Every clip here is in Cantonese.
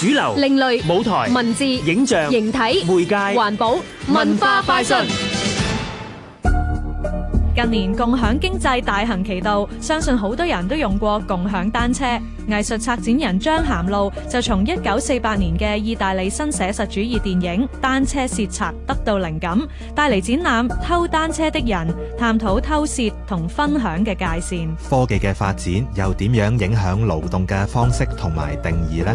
主流、另類舞台、文字、影像、形體、媒介、環保、文化快訊。近年共享經濟大行其道，相信好多人都用過共享單車。藝術策展人張涵露就從一九四八年嘅意大利新寫實主義電影《單車竊賊》得到靈感，帶嚟展覽《偷單車的人》，探討偷竊同分享嘅界線。科技嘅發展又點樣影響勞動嘅方式同埋定義呢？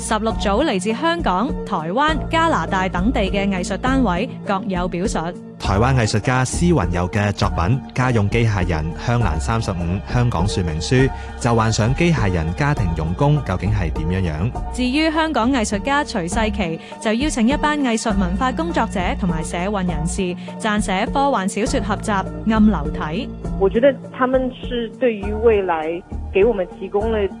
十六組來自香港,台灣,加拿大等地的藝術單位,各有表述。台灣藝術家施雲有的作品,家用機器人,香蘭三十五,香港說明書,就幻想機器人家庭傭工究竟是怎樣?至於香港藝術家徐世琪,就邀請一班藝術文化工作者和社運人士,撰寫科幻小說合集,暗流體。我覺得他們是對於未來給我們提供了台灣,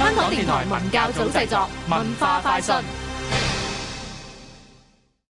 香港電台文教組製作，文化快訊。